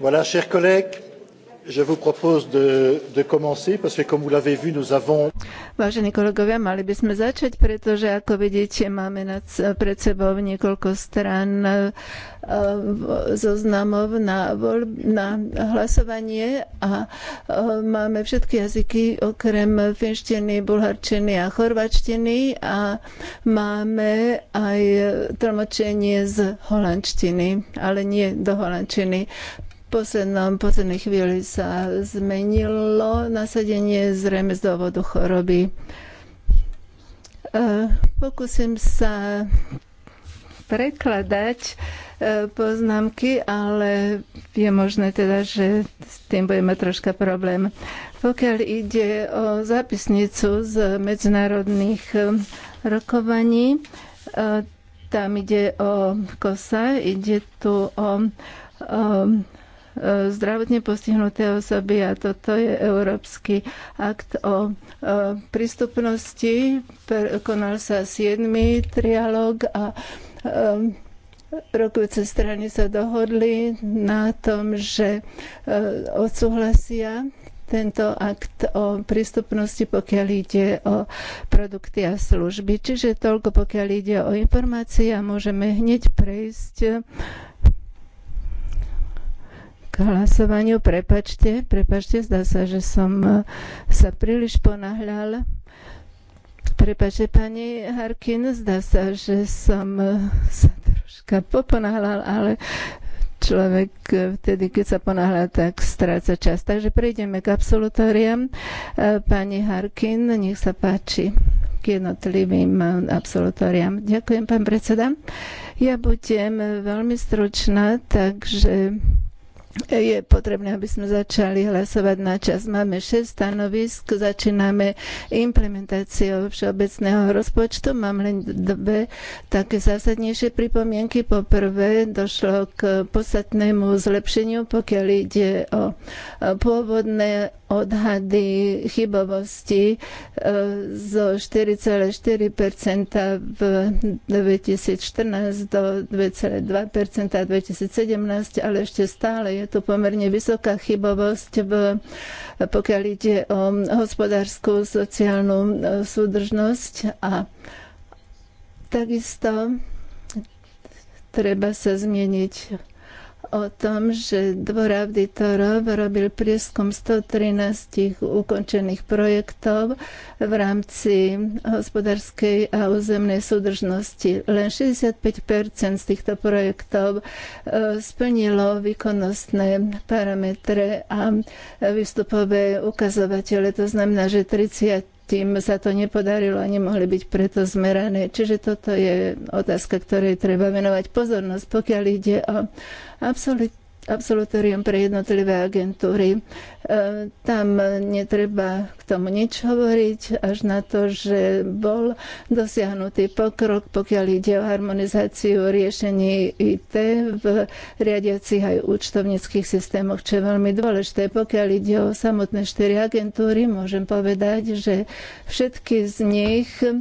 Voilà, chers collègues, je vous propose de, de commencer parce que comme vous l'avez vu, nous avons... Vážení kolegovia, mali by sme začať, pretože ako vidíte, máme nad, pred sebou niekoľko strán eh, eh, zoznamov na, na hlasovanie a eh, máme všetky jazyky okrem finštiny, bulharčiny a chorvačtiny a máme aj tlmočenie z holandštiny, ale nie do holandčiny poslednom, poslednej chvíli sa zmenilo nasadenie zrejme z dôvodu choroby. E, pokúsim sa prekladať e, poznámky, ale je možné teda, že s tým budeme troška problém. Pokiaľ ide o zápisnicu z medzinárodných e, rokovaní, tam ide o kosa, ide tu o, o E, zdravotne postihnuté osoby a toto je Európsky akt o e, prístupnosti. Konal sa 7. trialog a e, rokujúce strany sa dohodli na tom, že odsúhlasia tento akt o prístupnosti, pokiaľ ide o produkty a služby. Čiže toľko, pokiaľ ide o informácie a môžeme hneď prejsť hlasovaniu. Prepačte, prepačte, zdá sa, že som e, sa príliš ponáhľal. Prepačte, pani Harkin, zdá sa, že som e, sa troška poponáhľal, ale človek e, vtedy, keď sa ponáhľa, tak stráca čas. Takže prejdeme k absolutóriám. Pani Harkin, nech sa páči k jednotlivým absolutóriám. Ďakujem, pán predseda. Ja budem veľmi stručná, takže je potrebné, aby sme začali hlasovať na čas. Máme 6 stanovisk, začíname implementáciu všeobecného rozpočtu. Mám len dve také zásadnejšie pripomienky. Po prvé, došlo k podstatnému zlepšeniu, pokiaľ ide o pôvodné odhady chybovosti e, zo 4,4% v 2014 do 2,2% 2017, ale ešte stále je je tu pomerne vysoká chybovosť, v, pokiaľ ide o hospodárskú, sociálnu e, súdržnosť a takisto treba sa zmieniť o tom, že dvor auditorov robil prieskum 113 ukončených projektov v rámci hospodárskej a územnej súdržnosti. Len 65 z týchto projektov e, splnilo výkonnostné parametre a výstupové ukazovatele. To znamená, že 30 tým sa to nepodarilo a nemohli byť preto zmerané. Čiže toto je otázka, ktorej treba venovať pozornosť, pokiaľ ide o absolút, absolutorium pre jednotlivé agentúry. E, tam netreba k tomu nič hovoriť, až na to, že bol dosiahnutý pokrok, pokiaľ ide o harmonizáciu riešení IT v riadiacich aj účtovníckých systémoch, čo je veľmi dôležité. Pokiaľ ide o samotné štyri agentúry, môžem povedať, že všetky z nich e,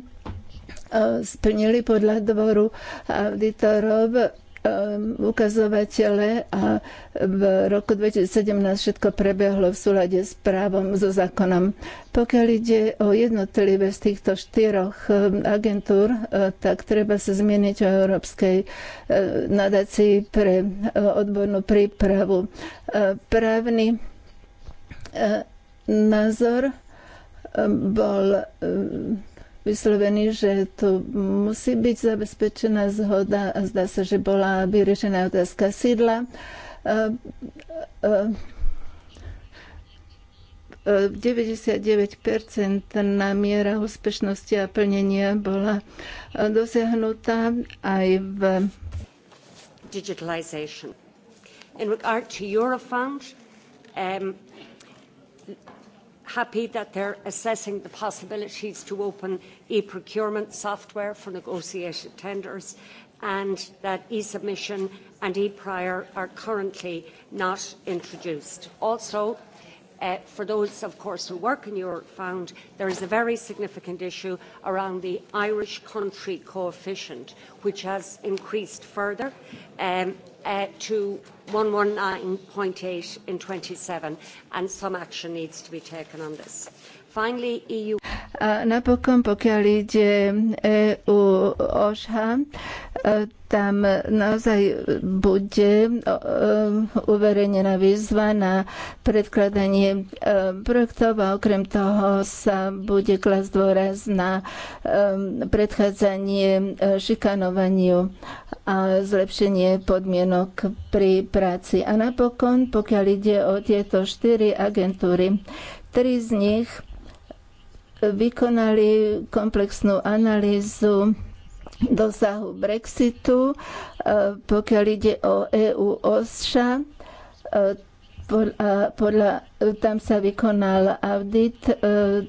splnili podľa dvoru auditorov Um, ukazovatele a v roku 2017 všetko prebehlo v súlade s právom, so zákonom. Pokiaľ ide o jednotlivé z týchto štyroch um, agentúr, uh, tak treba sa zmieniť o Európskej uh, nadácii pre uh, odbornú prípravu. Právny názor um, bol vyslovený, že to musí byť zabezpečená zhoda a zdá sa, že bola vyriešená otázka sídla. Uh, uh, 99% na miera úspešnosti a plnenia bola dosiahnutá aj v digitalization. In regard to Eurofund, um, happy that they're assessing the possibilities to open e-procurement software for negotiated tenders and that e-submission and e-prior are currently not introduced. Also, Uh, for those, of course, who work in Europe found there is a very significant issue around the Irish country coefficient, which has increased further um, uh, to 119.8 in 27, and some action needs to be taken on this. E napokon, pokiaľ ide EU OŠHA, e, tam naozaj bude e, uverejnená výzva na predkladanie projektov a okrem toho sa bude klas dôraz na predchádzanie šikanovaniu a zlepšenie podmienok pri práci. A napokon, pokiaľ ide o tieto štyri agentúry, tri z nich vykonali komplexnú analýzu dosahu Brexitu, e, pokiaľ ide o EU OSHA. E, podľa, podľa, tam sa vykonal audit e,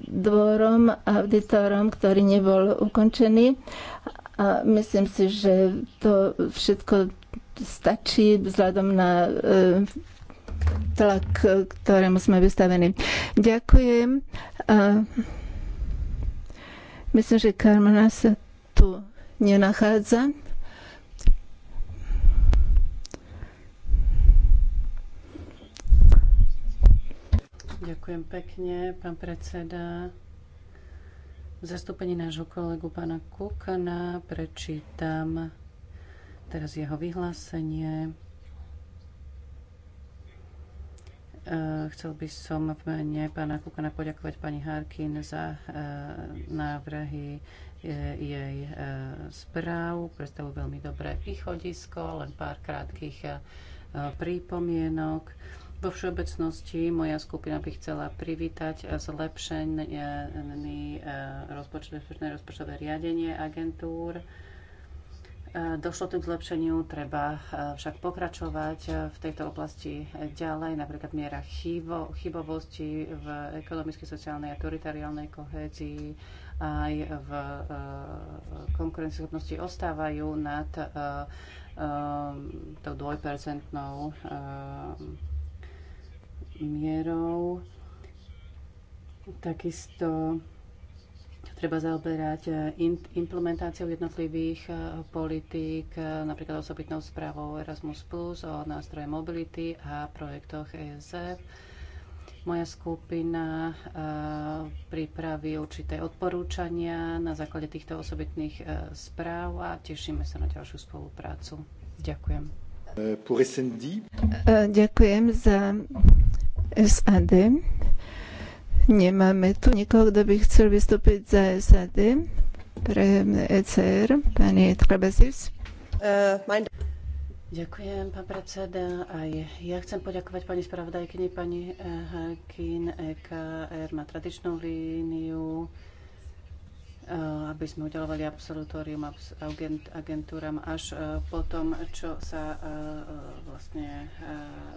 dvorom, auditorom, ktorý nebol ukončený. A myslím si, že to všetko stačí vzhľadom na tlak, ktorému sme vystavení. Ďakujem. Myslím, že Karmana sa tu nenachádza. Ďakujem pekne, pán predseda. V zastúpení nášho kolegu pána Kukana prečítam teraz jeho vyhlásenie. Eh, chcel by som v mene pána Kukana poďakovať pani Harkin za eh, návrhy eh, jej správ. Predstavujú veľmi dobré východisko, len pár krátkých prípomienok. Vo všeobecnosti moja skupina by chcela privítať zlepšený rozpočtové riadenie agentúr E, došlo tu k zlepšeniu, treba e, však pokračovať e, v tejto oblasti ďalej, napríklad miera chybo, chybovosti v ekonomickej, sociálnej a teritoriálnej kohézii aj v konkurencieschopnosti ostávajú nad tou dvojpercentnou mierou. Takisto treba zaoberať eh, implementáciou jednotlivých eh, politík, eh, napríklad osobitnou správou Erasmus+, o nástroje mobility a projektoch ESF. Moja skupina pripraví určité odporúčania na základe týchto osobitných správ a tešíme sa na ďalšiu spoluprácu. Ďakujem. Ďakujem za SAD. Nemáme tu nikoho, kto by chcel vystúpiť za SAD pre ECR. Pani Trabasis. Uh, eh, Ďakujem, pán predseda. Aj ja chcem poďakovať pani spravodajkyni, pani eh, Hakin, EKR má tradičnú líniu, eh, aby sme udelovali absolutórium agentúram až po tom, čo sa vlastne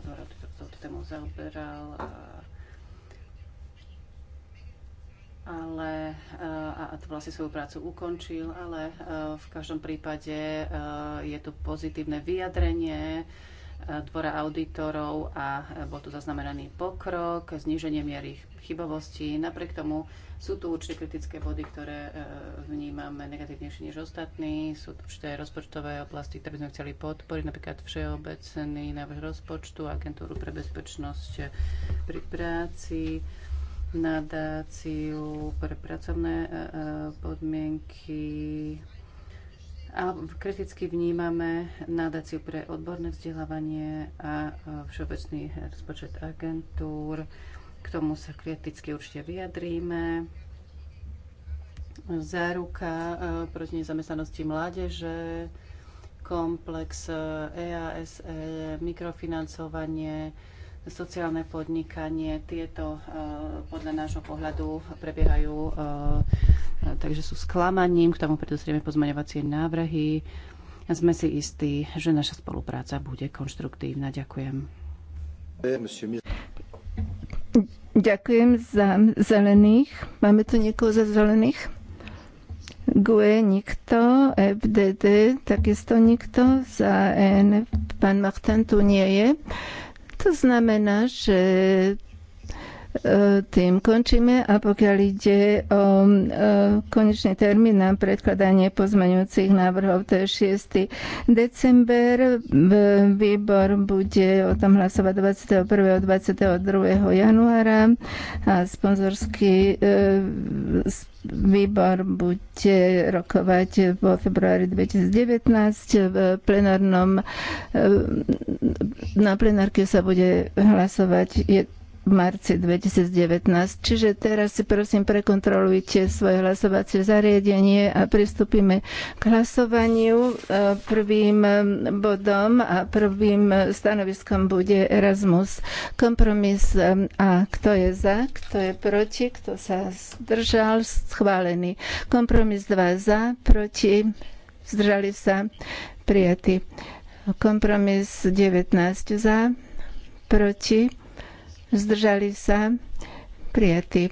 Dora touto tému zaoberal v ale eh, a to vlastne svoju prácu ukončil, ale eh, v každom prípade eh, je tu pozitívne vyjadrenie dvora auditorov a bol tu zaznamenaný pokrok, zníženie miery chybovosti. Napriek tomu sú tu určite kritické body, ktoré vnímame negatívnejšie než ostatní. Sú tu určité rozpočtové oblasti, ktoré by sme chceli podporiť, napríklad všeobecný návrh rozpočtu, agentúru pre bezpečnosť pri práci nadáciu pre pracovné e, e, podmienky a kriticky vnímame nadáciu pre odborné vzdelávanie a e, všeobecný rozpočet agentúr. K tomu sa kriticky určite vyjadríme. Záruka proti nezamestnanosti mládeže, komplex EASL, mikrofinancovanie, sociálne podnikanie. Tieto e, podľa nášho pohľadu prebiehajú, e, e, takže sú sklamaním. K tomu predostrieme pozmaňovacie návrhy. Sme si istí, že naša spolupráca bude konštruktívna. Ďakujem. Ďakujem za zelených. Máme tu niekoho za zelených? GUE nikto, FDD takisto nikto, za EN pán Machtan tu nie je. To znamená, že tým končíme a pokiaľ ide o e, konečný termín na predkladanie pozmeňujúcich návrhov, to je 6. december. Výbor bude o tom hlasovať 21. a 22. januára a sponzorský e, výbor bude rokovať vo februári 2019. V plenárnom, e, na plenárke sa bude hlasovať v marci 2019. Čiže teraz si prosím prekontrolujte svoje hlasovacie zariadenie a pristúpime k hlasovaniu. E, prvým e, bodom a prvým stanoviskom bude Erasmus. Kompromis e, A. Kto je za, kto je proti, kto sa zdržal, schválený. Kompromis 2 za, proti, zdržali sa, prijatý. Kompromis 19 za, proti, zdržali sa, prijatý.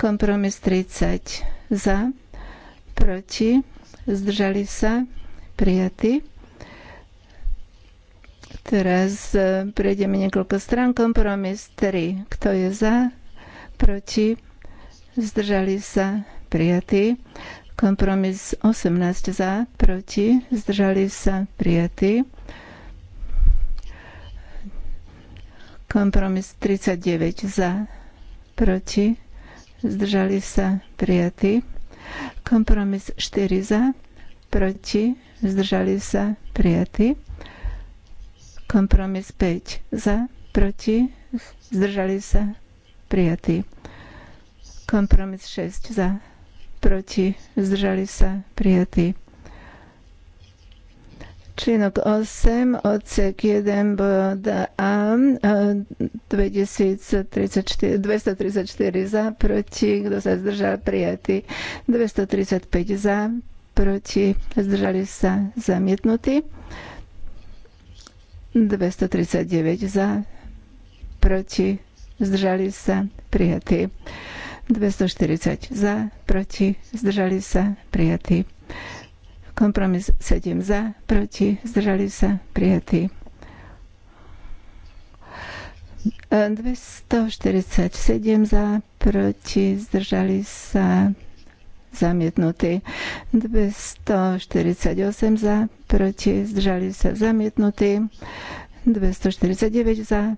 Kompromis 30 za, proti, zdržali sa, prijatý. Teraz e, prejdeme niekoľko strán. Kompromis 3. Kto je za? Proti? Zdržali sa? Prijatý. Kompromis 18 za? Proti? Zdržali sa? Prijatý. Kompromis 39 za, proti, zdržali sa prijatí. Kompromis 4 za, proti, zdržali sa prijatí. Kompromis 5 za, proti, zdržali sa prijatí. Kompromis 6 za, proti, zdržali sa prijatí. Článok 8, odsek 1, boda A, 234 e, za, proti, kto sa zdržal, prijatý, 235 za, proti, zdržali sa, zamietnutí, 239 za, proti, zdržali sa, prijatí. 240 za, proti, zdržali sa, prijatí. Kompromis 7 za, proti, zdržali sa, prijatý. 247 e, za, proti, zdržali sa, zamietnutý. 248 za, proti, zdržali sa, zamietnutý. 249 za,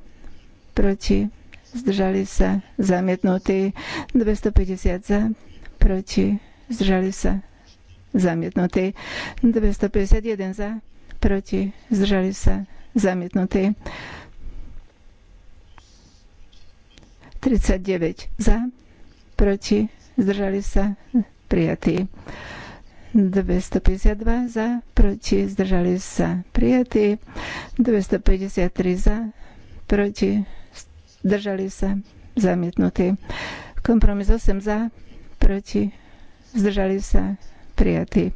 proti, zdržali sa, zamietnutý. 250 za, proti, zdržali sa, zamietnutý. 251 za, proti, zdržali sa, zamietnutý. 39 za, proti, zdržali sa, prijatý. 252 za, proti, zdržali sa, prijatý. 253 za, proti, zdržali sa, zamietnutý. Kompromis 8 za, proti, zdržali sa, prijatý.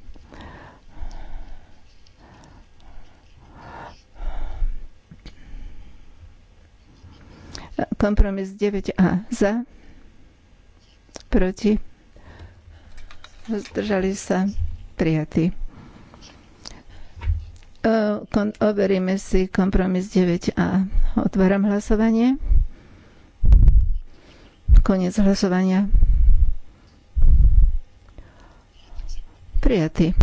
Kompromis 9a za, proti, zdržali sa, prijatý. Overíme si kompromis 9a. Otváram hlasovanie. Koniec hlasovania. prijatý.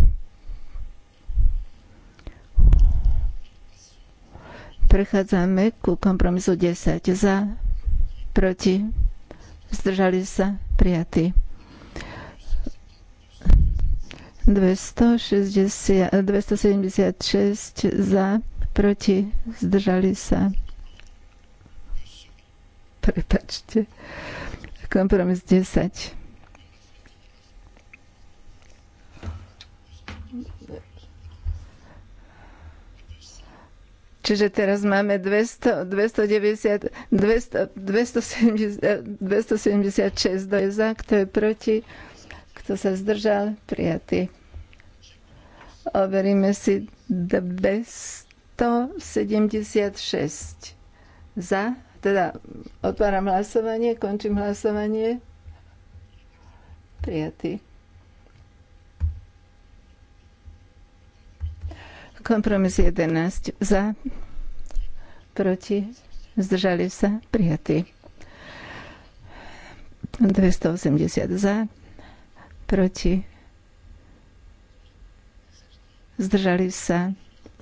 Prechádzame ku kompromisu 10. Za, proti, zdržali sa, prijatý. 260, 276 za, proti, zdržali sa. Prepačte. Kompromis 10. Čiže teraz máme 200, 290, 200, 270, 276, kto kto je proti, kto sa zdržal, prijatý. Overíme si 276 za, teda otváram hlasovanie, končím hlasovanie, prijatý. Kompromis 11 za, proti, zdržali sa, prijatý. 280 za, proti, zdržali sa.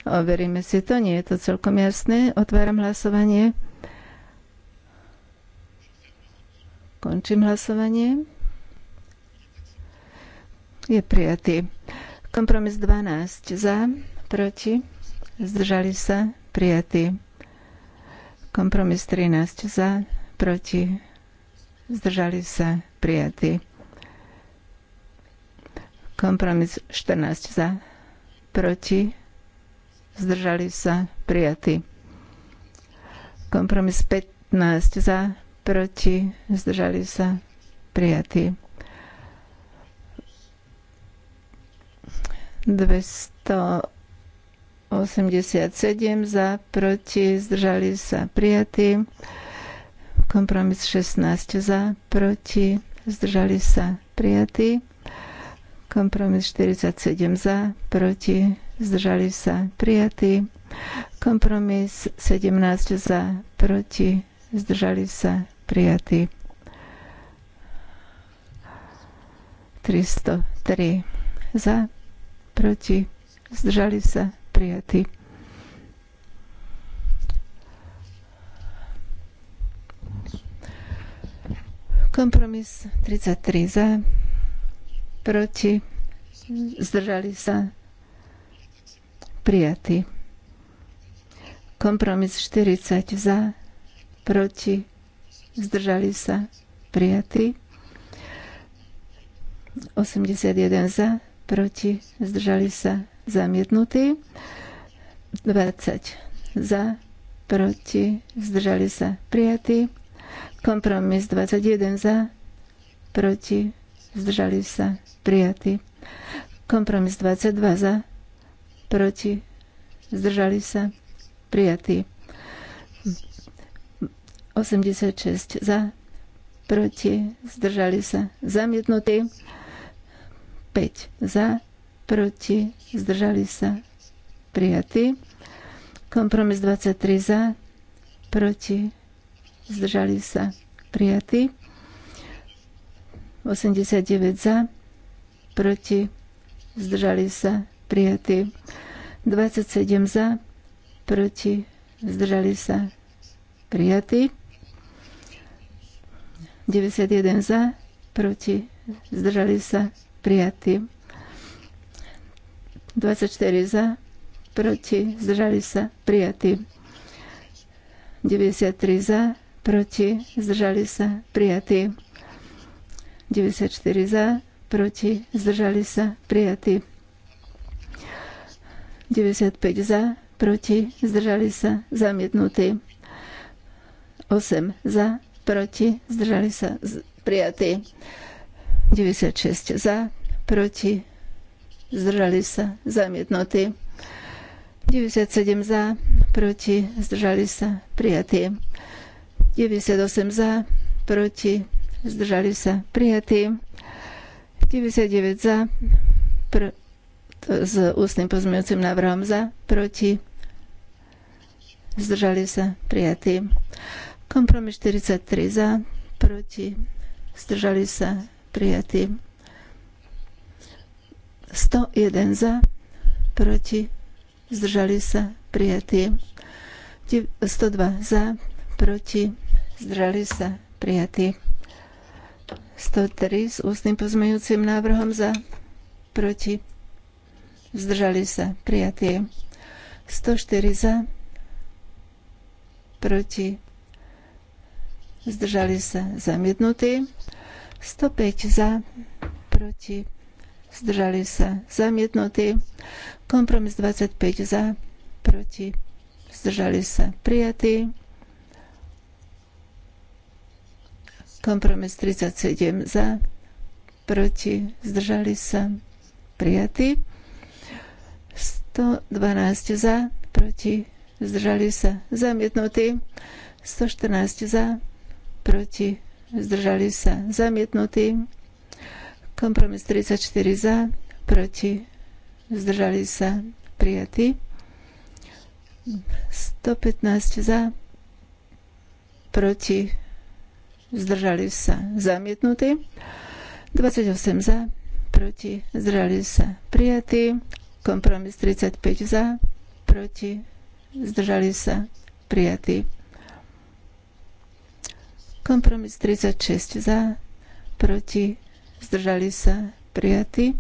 Overíme si to, nie je to celkom jasné. Otváram hlasovanie. Končím hlasovanie. Je prijatý. Kompromis 12 za proti, zdržali sa, prijatý. Kompromis 13 za, proti, zdržali sa, prijatý. Kompromis 14 za, proti, zdržali sa, prijatý. Kompromis 15 za, proti, zdržali sa, prijatý. 200 87 za, proti, zdržali sa prijatí. Kompromis 16 za, proti, zdržali sa prijatí. Kompromis 47 za, proti, zdržali sa prijatí. Kompromis 17 za, proti, zdržali sa prijatí. 303 za, proti, zdržali sa prijatý. Kompromis 33 za, proti, zdržali sa, prijatý. Kompromis 40 za, proti, zdržali sa, prijatý. 81 za, proti, zdržali sa, zamietnutý. 20 za, proti, zdržali sa prijatí. Kompromis 21 za, proti, zdržali sa prijatí. Kompromis 22 za, proti, zdržali sa prijatí. 86 za, proti, zdržali sa zamietnutý. 5 za, proti, zdržali sa prijatí. Kompromis 23 za, proti, zdržali sa prijatí. 89 za, proti, zdržali sa prijatí. 27 za, proti, zdržali sa prijatí. 91 za, proti, zdržali sa prijatí. 24 za, proti, zdržali sa, prijatí. 93 za, proti, zdržali sa, prijatí. 94 za, proti, zdržali sa, prijatí. 95 za, proti, zdržali sa, zamietnutí. 8 za, proti, zdržali sa, prijatí. 96 za, proti, zdržali sa, zamietnutí. 97 za, proti, zdržali sa, prijatí. 98 za, proti, zdržali sa, prijatí. 99 za, pr- s ústnym pozmeňujúcim návrhom za, proti, zdržali sa, prijatí. Kompromis 43 za, proti, zdržali sa, prijatí. 101 za, proti, zdržali sa, prijatí. 102 za, proti, zdržali sa, prijatí. 103 s ústnym pozmejúcim návrhom za, proti, zdržali sa, prijatí. 104 za, proti, zdržali sa, zamietnutí. 105 za, proti, zdržali sa zamietnutý, Kompromis 25 za, proti, zdržali sa prijatý, Kompromis 37 za, proti, zdržali sa prijatý, 112 za, proti, zdržali sa zamietnutý, 114 za, proti, zdržali sa zamietnutý, Kompromis 34 za, proti, zdržali sa prijatí. 115 za, proti, zdržali sa zamietnutí. 28 za, proti, zdržali sa prijatí. Kompromis 35 za, proti, zdržali sa prijatí. Kompromis 36 za, proti, zdržali sa prijatí.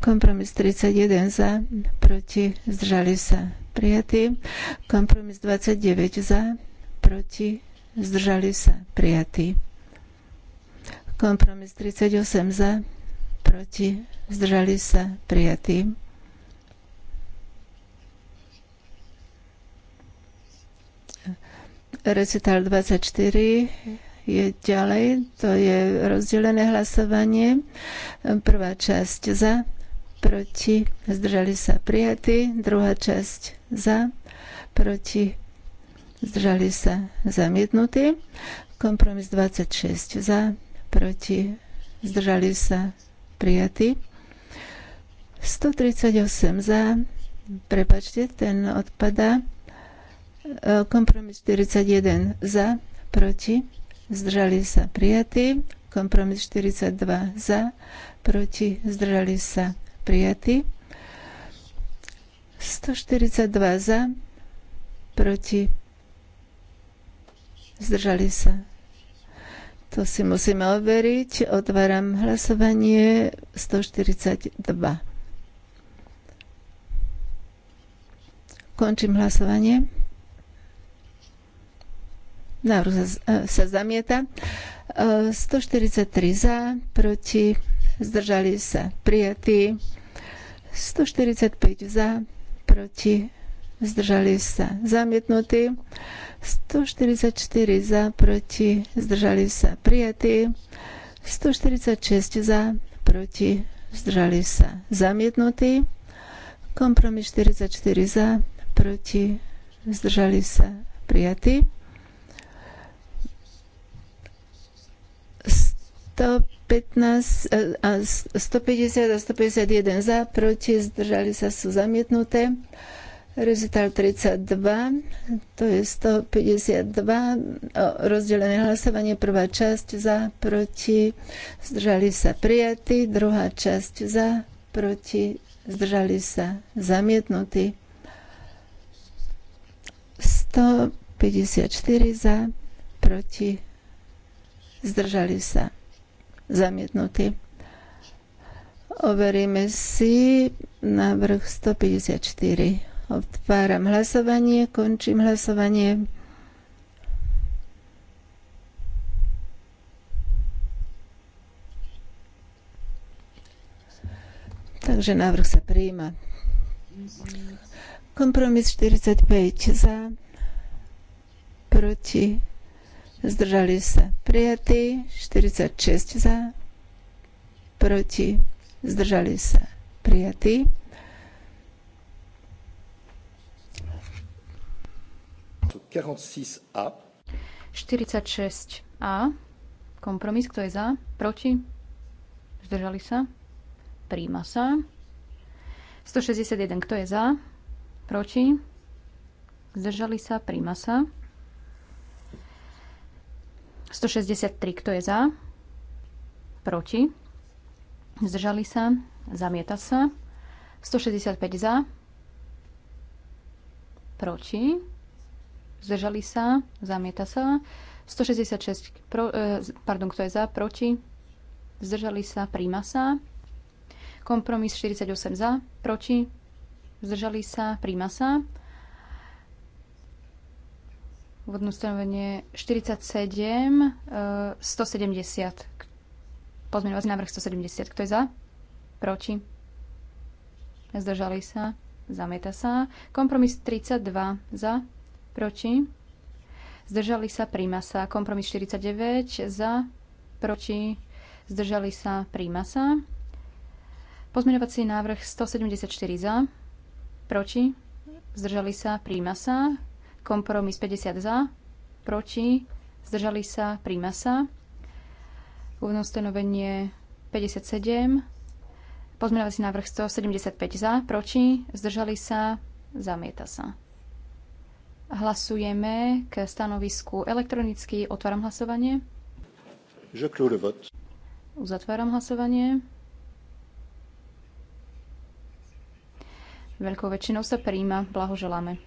Kompromis 31 za, proti, zdržali sa prijatí. Kompromis 29 za, proti, zdržali sa prijatí. Kompromis 38 za, proti, zdržali sa prijatí. Recital 24 je ďalej, to je rozdelené hlasovanie. Prvá časť za, proti, zdržali sa prijatí. Druhá časť za, proti, zdržali sa zamietnutí. Kompromis 26 za, proti, zdržali sa prijatí. 138 za, prepačte, ten odpada. E, kompromis 41 za, proti, zdržali sa prijatí, kompromis 42 za, proti zdržali sa prijatí, 142 za, proti zdržali sa. To si musíme overiť. Otváram hlasovanie 142. Končím hlasovanie. Návrh sa, e, sa zamieta. 143 e, za, proti, zdržali sa prijatí. 145 za, proti, zdržali sa zamietnutí. 144 za, proti, zdržali sa prijatí. 146 za, proti, zdržali sa zamietnutí. Kompromis 44 za, proti, zdržali sa prijatí. 150 e, a 151 za, proti, zdržali sa, sú zamietnuté. Rezultat 32, to je 152, rozdelené hlasovanie, prvá časť za, proti, zdržali sa prijatí, druhá časť za, proti, zdržali sa zamietnutí. 154 za, proti, zdržali sa zamietnutý. Overíme si návrh 154. Otváram hlasovanie, končím hlasovanie. Takže návrh sa prijíma. Kompromis 45 za, proti zdržali sa prijatí, 46 za, proti, zdržali sa prijatí. A. 46A. Kompromis, kto je za? Proti? Zdržali sa? Príjma sa. 161, kto je za? Proti? Zdržali sa? Príjma sa. 163, kto je za? Proti? Zdržali sa? Zamieta sa. 165 za? Proti? Zdržali sa? Zamieta sa. 166, pro, e, pardon, kto je za? Proti? Zdržali sa? Príjma sa. Kompromis 48 za? Proti? Zdržali sa? Príjma sa. Úvodné ustanovenie 47, 170. E, Pozmeňovací návrh 170. Kto je za? Proti? Zdržali sa? Zamieta sa. Kompromis 32. Za? Proti? Zdržali sa? Príjma sa. Kompromis 49. Za? Proti? Zdržali sa? Príjma sa. Pozmeňovací návrh 174 za, proti, zdržali sa, príjma sa. Kompromis 50 za, proti, zdržali sa, príjma sa. Úvodné ustanovenie 57, pozmeňovací návrh 175 za, proti, zdržali sa, zamieta sa. Hlasujeme k stanovisku elektronicky. Otváram hlasovanie. Je Uzatváram hlasovanie. Veľkou väčšinou sa príjma. Blahoželáme.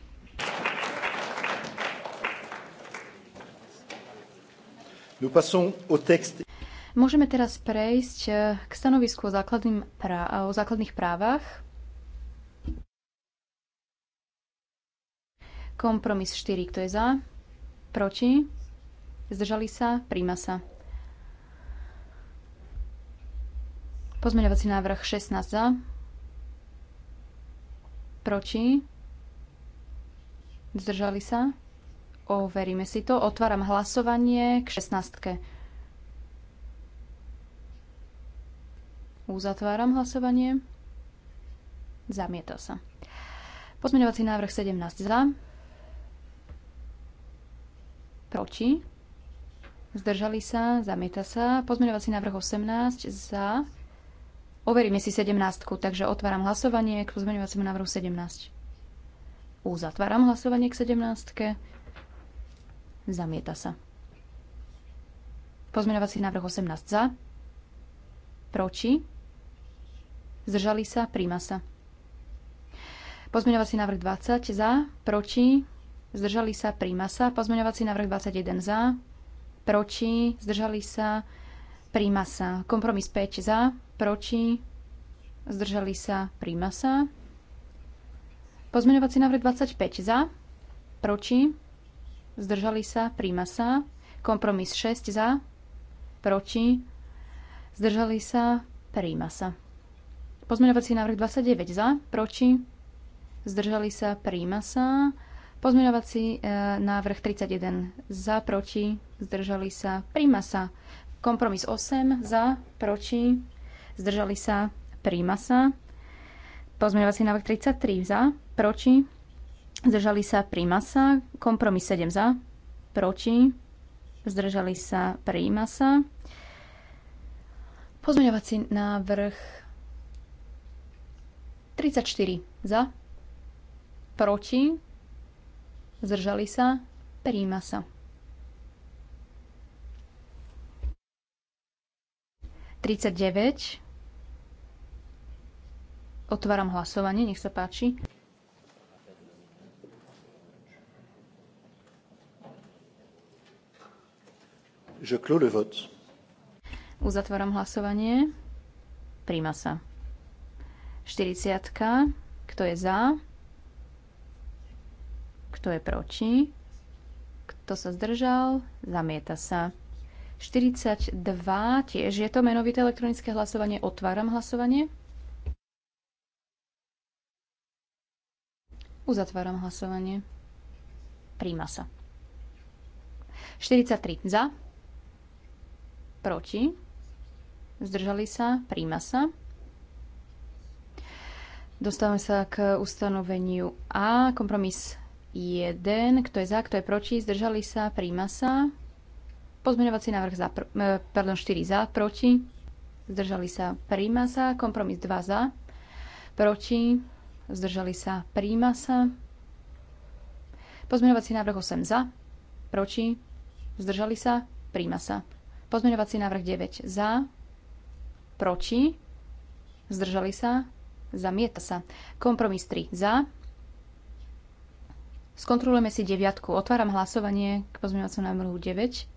Môžeme teraz prejsť eh, k stanovisku o, o základných právach. Kompromis 4, kto je za? Proti? Zdržali sa? Príjma sa. Pozmeňovací návrh 16 za. Proti? Zdržali sa? Overíme si to. Otváram hlasovanie k 16. Uzatváram hlasovanie. Zamieta sa. Pozmeňovací návrh 17 za. Proti. Zdržali sa. Zamieta sa. Pozmeňovací návrh 18 za. Overíme si 17, takže otváram hlasovanie k pozmeňovacímu návrhu 17. Uzatváram hlasovanie k 17. Zamieta sa. Pozmeňovací návrh 18 za. Proti. Zdržali sa. Príjma sa. Pozmeňovací návrh 20 za. Proti. Zdržali sa. Príjma sa. Pozmeňovací návrh 21 za. Proti. Zdržali sa. Príjma sa. Kompromis 5 za. Proti. Zdržali sa. Príjma sa. Pozmeňovací návrh 25 za. Proti zdržali sa, príjma sa. Kompromis 6 za, proti, zdržali sa, príjma sa. Pozmeňovací návrh 29 e, za, proti, zdržali sa, príjma sa. Pozmeňovací návrh 31 za, proti, zdržali sa, príjma sa. Kompromis 8 za, proti, zdržali sa, príjma sa. Pozmeňovací návrh 33 za, proti, Zdržali sa, príjma sa. Kompromis 7 za, proti. Zdržali sa, príjma sa. Pozmeňovací návrh 34 za, proti. Zdržali sa, príjma sa. Otváram hlasovanie, nech sa páči. Je clôt le vote. Uzatváram hlasovanie. Príjma sa. 40. Kto je za? Kto je proti? Kto sa zdržal? Zamieta sa. 42. Tiež je to menovité elektronické hlasovanie. Otváram hlasovanie. Uzatváram hlasovanie. Príjma sa. 43 za, proti, zdržali sa, príjma sa. Dostávame sa k ustanoveniu A, kompromis 1, kto je za, kto je proti, zdržali sa, príjma sa. Pozmeňovací návrh za, e, pardon, 4 za, proti, zdržali sa, príjma sa. Kompromis 2 za, proti, zdržali sa, príjma sa. Pozmeňovací návrh 8 za, proti, zdržali sa, príjma sa. Pozmeňovací návrh 9 za, proti, zdržali sa, zamieta sa. Kompromis 3 za. Skontrolujeme si deviatku. Otváram hlasovanie k pozmeňovacom návrhu 9.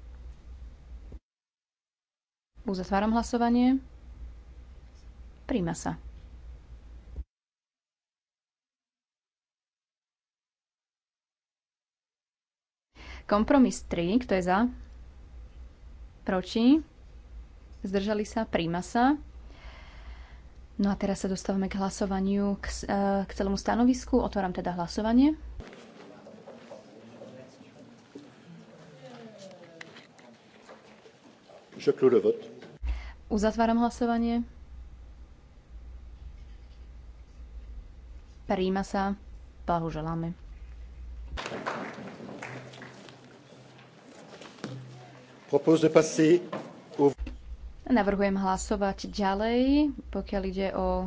Uzatváram hlasovanie. Príjma sa. Kompromis 3, kto je za? proti, zdržali sa, príjma sa. No a teraz sa dostávame k hlasovaniu k, e, k celému stanovisku. Otváram teda hlasovanie. Uzatváram hlasovanie. Príjma sa. Blahoželáme. Navrhujem hlasovať ďalej, pokiaľ ide o e,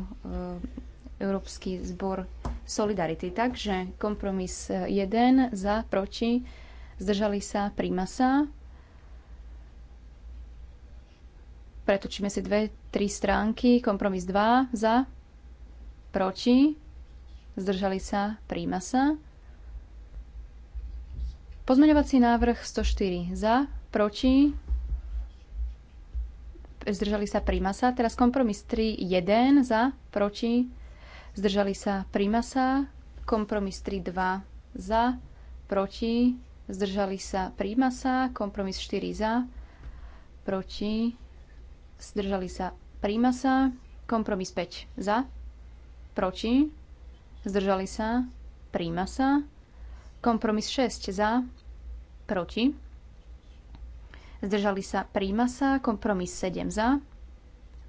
Európsky zbor Solidarity. Takže kompromis 1 e, za, proti, zdržali sa, príjma sa. Pretočíme si dve, tri stránky. Kompromis 2 za, proti, zdržali sa, príjma sa. Pozmeňovací návrh 104 za, proti, zdržali sa, príjma sa. Teraz kompromis 3, 1 za, proti, zdržali sa, príjma sa. Kompromis 3, 2 za, proti, zdržali sa, príjma sa. Kompromis 4 za, proti, zdržali sa, príjma sa. Kompromis 5 za, proti, zdržali sa, príjma sa. Kompromis 6 za, proti, zdržali sa, príjma sa. Kompromis 7 za,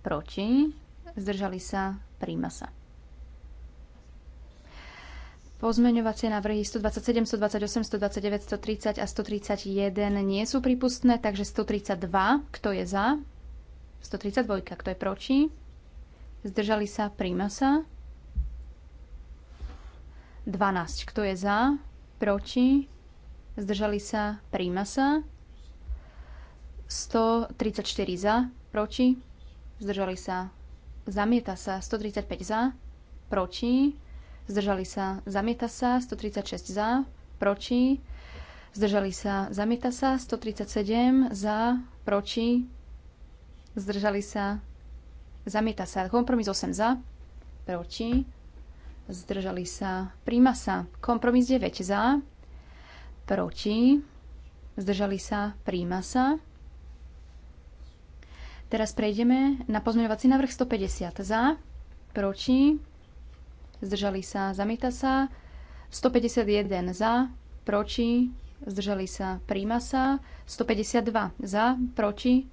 proti, zdržali sa, príjma sa. Pozmeňovacie návrhy 127, 128, 129, 130 a 131 nie sú prípustné, takže 132, kto je za? 132, kto je proti? Zdržali sa, príjma sa. 12, kto je za? Proti? Zdržali sa, príjma sa. 134 za, proti, zdržali sa, zamieta sa, 135 za, proti, zdržali sa, zamieta sa, 136 za, proti, zdržali sa, zamieta sa, 137 za, proti, zdržali sa, zamieta sa, kompromis 8 za, proti, zdržali sa, príjma sa, kompromis 9 za, proti, zdržali sa, príjma sa, Teraz prejdeme na pozmeňovací návrh 150. Za, proti, zdržali sa, zamýta sa. 151 za, proti, zdržali sa, príjma sa. 152 za, proti,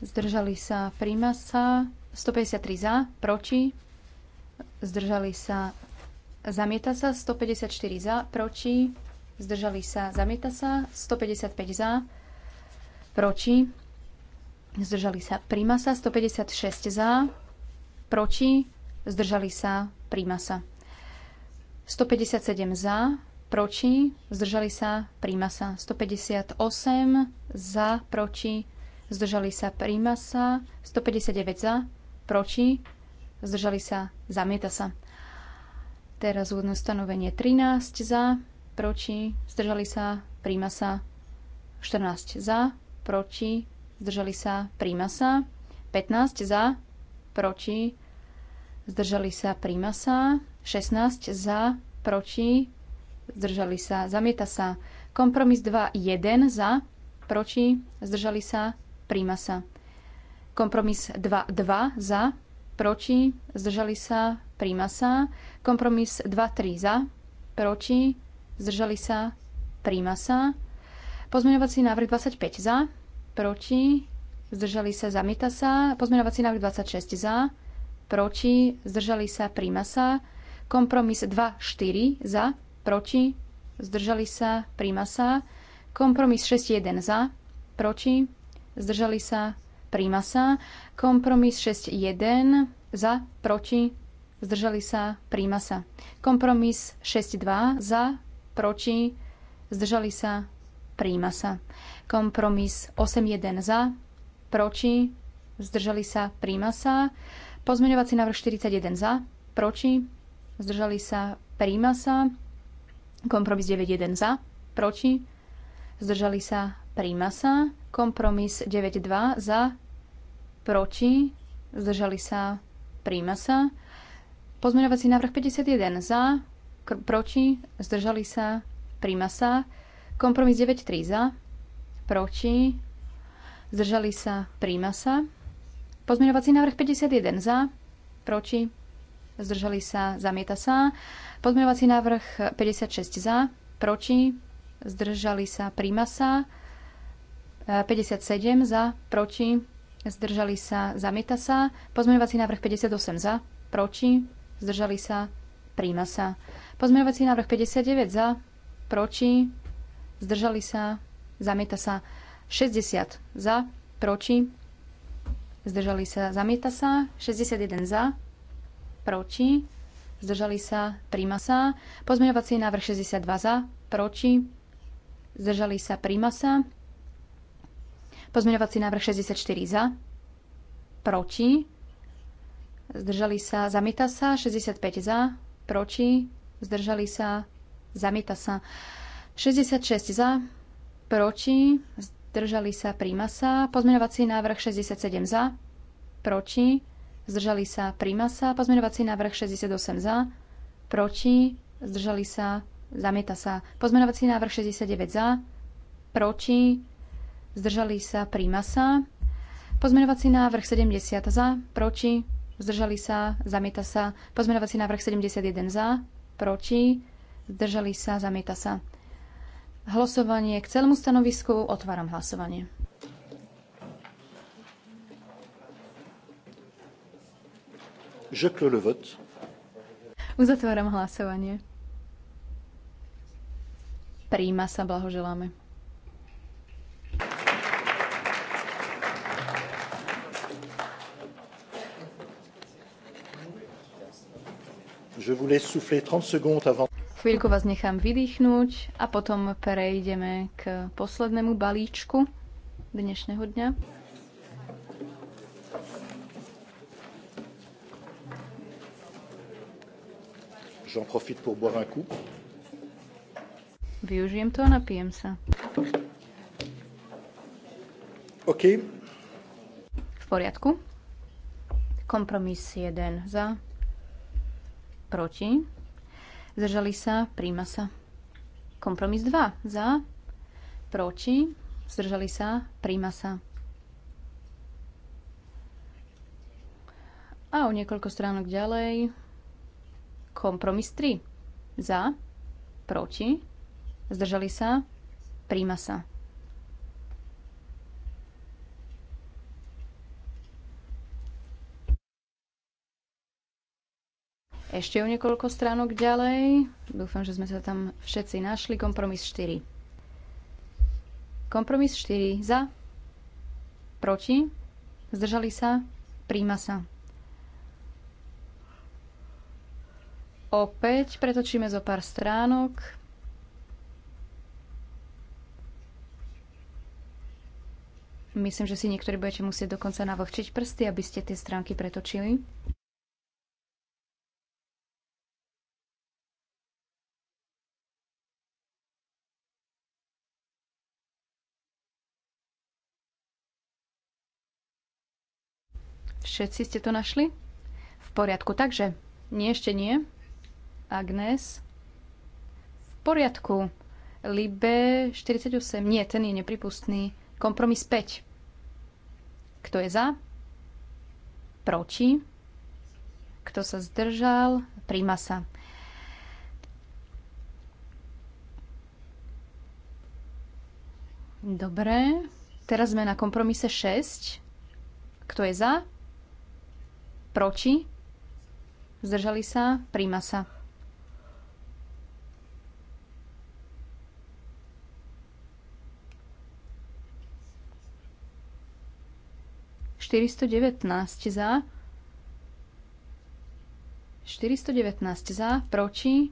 zdržali sa, príjma sa. 153 za, proti, zdržali sa, zamieta sa. 154 za, proti, zdržali sa, zamieta sa. 155 za, proti, zdržali sa, príjma sa. 156 za, proti, zdržali sa, príjma sa. 157 za, proti, zdržali sa, príjma sa. 158 za, proti, zdržali sa, príjma sa. 159 za, proti, zdržali sa, zamieta sa. Teraz úvodné stanovenie 13 za, proti, zdržali sa, príjma sa. 14 za, proti, zdržali sa, príjma sa. 15 za, proti, zdržali sa, príjma sa. 16 za, proti, zdržali sa, zamieta sa. Kompromis 2, 1 za, proti, zdržali sa, príjma sa. Kompromis 2, 2 za, proti, zdržali sa, príjma sa. Kompromis 2, 3 za, proti, zdržali sa, príjma sa. Pozmeňovací návrh 25 za, proti, zdržali sa, zamieta sa. pozmenovací návrh 26 za, proti, zdržali sa, príjma sa. Kompromis 2, 4 za, proti, zdržali sa, príjma sa. Kompromis 6, 1 za, proti, zdržali sa, príjma sa. Kompromis 6, 1 za, proti, zdržali sa, príjma sa. Kompromis 6, 2 za, proti, zdržali sa, Príjma sa. Kompromis 8.1 za, proti, zdržali sa, príjma sa. Pozmeňovací návrh 41 za, proti, zdržali sa, príjma sa. Kompromis 9.1 za, proti, zdržali sa, príjma sa. Kompromis 9.2 za, proti, zdržali sa, príjma sa. Pozmeňovací návrh 51 za, proti, zdržali sa, príjma sa. Kompromis 9.3 za, proti, zdržali sa, príjma sa. Pozmeňovací návrh 51 za, proti, zdržali sa, zamieta sa. Pozmeňovací návrh 56 za, proti, zdržali sa, príjma sa. 57 za, proti, zdržali sa, zamieta sa. Pozmeňovací návrh 58 za, proti, zdržali sa, príjma sa. Pozmeňovací návrh 59 za, proti, zdržali sa, zamieta sa 60 za, proti, zdržali sa, zamieta sa, 61 za, proti, zdržali sa, príjma sa, pozmeňovací návrh 62 za, proti, zdržali sa, príjma sa, pozmeňovací návrh 64 za, proti, zdržali sa, zamieta sa, 65 za, proti, zdržali sa, zamieta sa. 66 za, proti, zdržali sa, príjma sa. Pozmeňovací návrh 67 za, proti, zdržali sa, príjma sa. Pozmeňovací návrh 68 za, proti, zdržali sa, zamieta sa. Pozmeňovací návrh 69 za, proti, zdržali sa, príjma sa. Pozmeňovací návrh 70 za, proti, zdržali sa, zamieta sa. Pozmeňovací návrh 71 za, proti, zdržali sa, zamieta sa hlasovanie k celému stanovisku. Otváram hlasovanie. Je le vote. Uzatváram hlasovanie. Príjma sa, blahoželáme. Je vous laisse souffler 30 secondes avant. Chvíľku vás nechám vydýchnuť a potom prejdeme k poslednému balíčku dnešného dňa. J'en profite pour boire un coup. Využijem to a napijem sa. OK. V poriadku. Kompromis 1 za. Proti zdržali sa, príjma sa. Kompromis 2 za, proti, zdržali sa, príjma sa. A o niekoľko stránok ďalej kompromis 3 za, proti, zdržali sa, príjma sa. ešte o niekoľko stránok ďalej. Dúfam, že sme sa tam všetci našli. Kompromis 4. Kompromis 4. Za. Proti. Zdržali sa. Príjma sa. Opäť pretočíme zo pár stránok. Myslím, že si niektorí budete musieť dokonca navlhčiť prsty, aby ste tie stránky pretočili. Všetci ste to našli? V poriadku, takže nie, ešte nie. Agnes. V poriadku. Libe 48. Nie, ten je nepripustný. Kompromis 5. Kto je za? Proti? Kto sa zdržal? Príma sa. Dobre. Teraz sme na kompromise 6. Kto je za? proti, zdržali sa, príjma sa. Štyristo devätnásť za, 419 za, proti,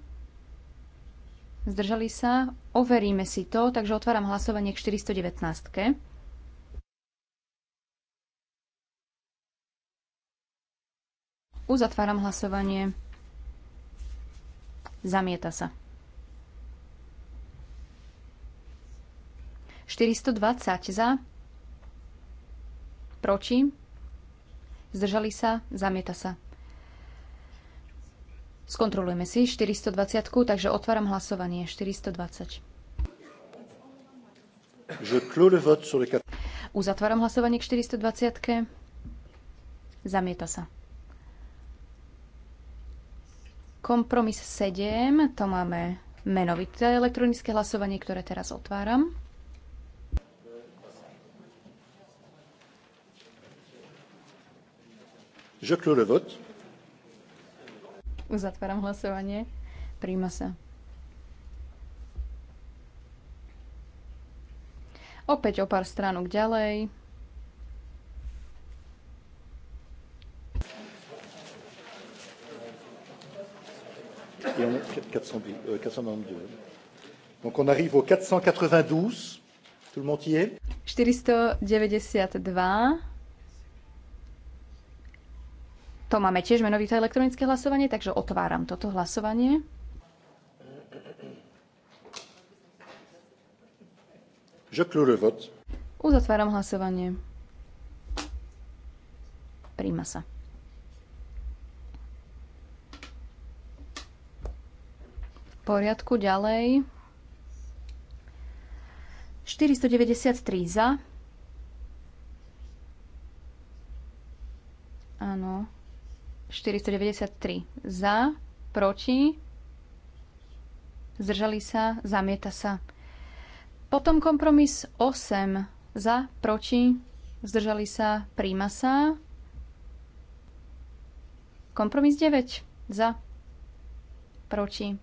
zdržali sa. Overíme si to, takže otváram hlasovanie k 419. Uzatváram hlasovanie. Zamieta sa. 420 za. Proti. Zdržali sa. Zamieta sa. Skontrolujeme si 420, takže otváram hlasovanie 420. Je le vote sur les... Uzatváram hlasovanie k 420. Zamieta sa. Kompromis 7, to máme menovité elektronické hlasovanie, ktoré teraz otváram. Je le vote. Uzatváram hlasovanie. Príjma sa. Opäť o pár stránok ďalej. 492. 492. Euh, Donc on arrive au 492. Tout le monde y est 492. To máme tiež menovité elektronické hlasovanie, takže otváram toto hlasovanie. Je le vote. Uzatváram hlasovanie. Príjma sa. poriadku, ďalej. 493 za. Áno. 493 za, proti, zdržali sa, zamieta sa. Potom kompromis 8 za, proti, zdržali sa, príjma sa. Kompromis 9 za, proti,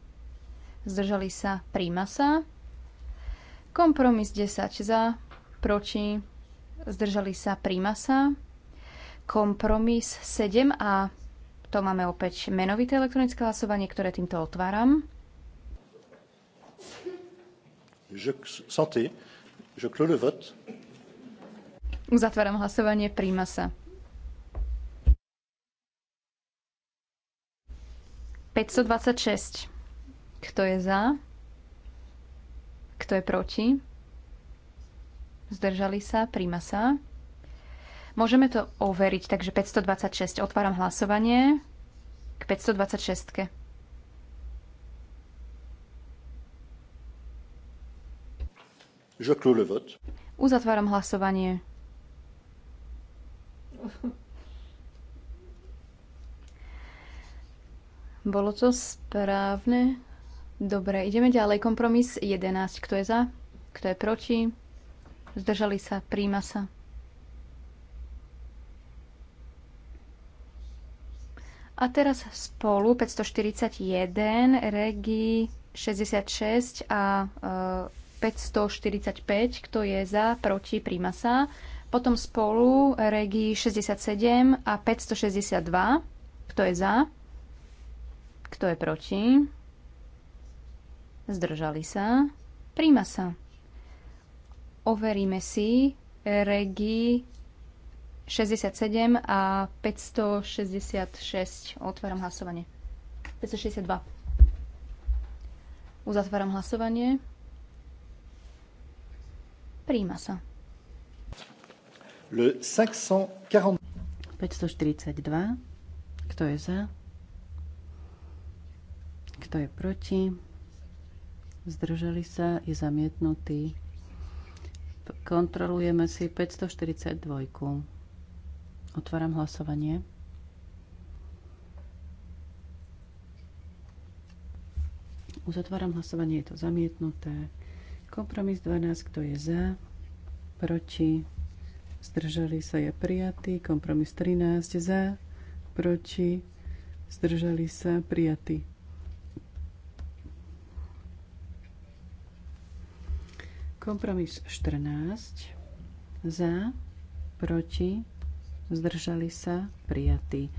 zdržali sa, príjma sa. Kompromis 10 za, proti, zdržali sa, príjma sa. Kompromis 7a, to máme opäť menovité elektronické hlasovanie, ktoré týmto otváram. Je, santé. Je le vote. Uzatváram hlasovanie, príjma sa. 526. Kto je za? Kto je proti? Zdržali sa? Príjma sa. Môžeme to overiť, takže 526. Otváram hlasovanie k 526. Je le vote. Uzatváram hlasovanie. Bolo to správne? Dobre, ideme ďalej. Kompromis 11. Kto je za? Kto je proti? Zdržali sa? Príjma sa? A teraz spolu 541, Regi 66 a e, 545, kto je za, proti, príjma sa. Potom spolu Regi 67 a 562, kto je za, kto je proti zdržali sa, príjma sa. Overíme si regi 67 a 566. Otváram hlasovanie. 562. Uzatváram hlasovanie. Príjma sa. Le 542. Kto je za? Kto je proti? zdržali sa, je zamietnutý. Kontrolujeme si 542. Otváram hlasovanie. Uzatváram hlasovanie, je to zamietnuté. Kompromis 12, kto je za, proti, zdržali sa, je prijatý. Kompromis 13, za, proti, zdržali sa, prijatý. Kompromis 14. Za, proti, zdržali sa, prijatý.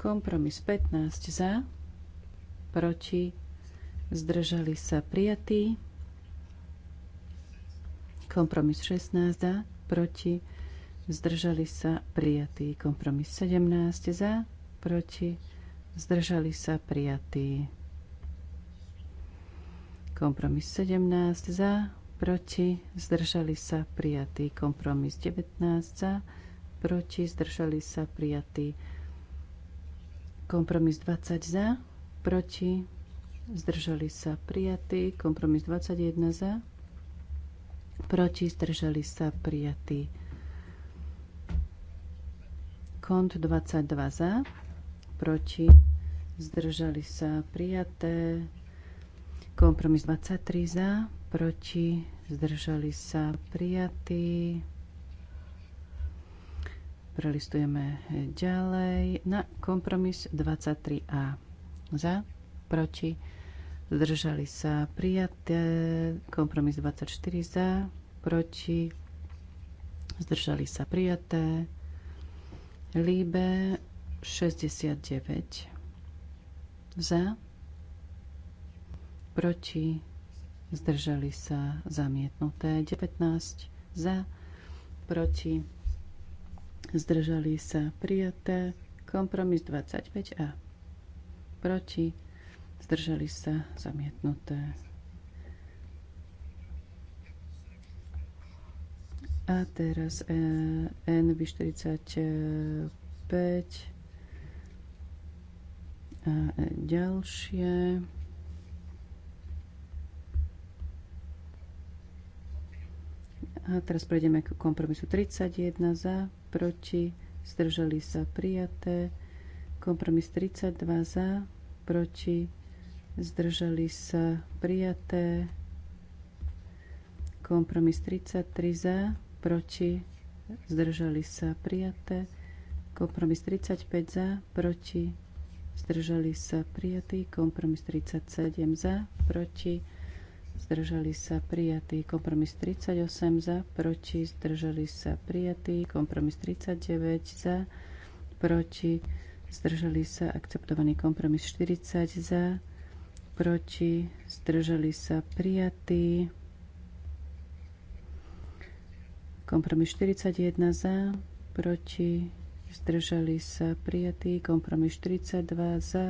Kompromis 15 za, proti, zdržali sa, prijatý. Kompromis 16 za, proti, zdržali sa, prijatý. Kompromis 17 za, proti, zdržali sa, prijatý. Kompromis 17 za, proti, zdržali sa prijatý kompromis 19 za, proti, zdržali sa prijatý kompromis 20 za, proti, zdržali sa prijatý kompromis 21 za, proti, zdržali sa prijatý kont 22 za, proti, zdržali sa prijaté kompromis 23 za, proti, zdržali sa prijatí. Prelistujeme ďalej na kompromis 23a. Za, proti, zdržali sa prijaté. Kompromis 24 za, proti, zdržali sa prijaté. Líbe 69 za, proti, zdržali sa zamietnuté 19 za, proti, zdržali sa prijaté kompromis 25a, proti, zdržali sa zamietnuté. A teraz e, 45 a e, ďalšie. A teraz prejdeme k kompromisu 31 za, proti, zdržali sa prijaté. Kompromis 32 za, proti, zdržali sa prijaté. Kompromis 33 za, proti, zdržali sa prijaté. Kompromis 35 za, proti, zdržali sa prijatý. Kompromis 37 za, proti, zdržali sa prijatý. Kompromis 38 za, proti, zdržali sa prijatý. Kompromis 39 za, proti, zdržali sa akceptovaný. Kompromis 40 za, proti, zdržali sa prijatý. Kompromis 41 za, proti, zdržali sa prijatý. Kompromis 42 za,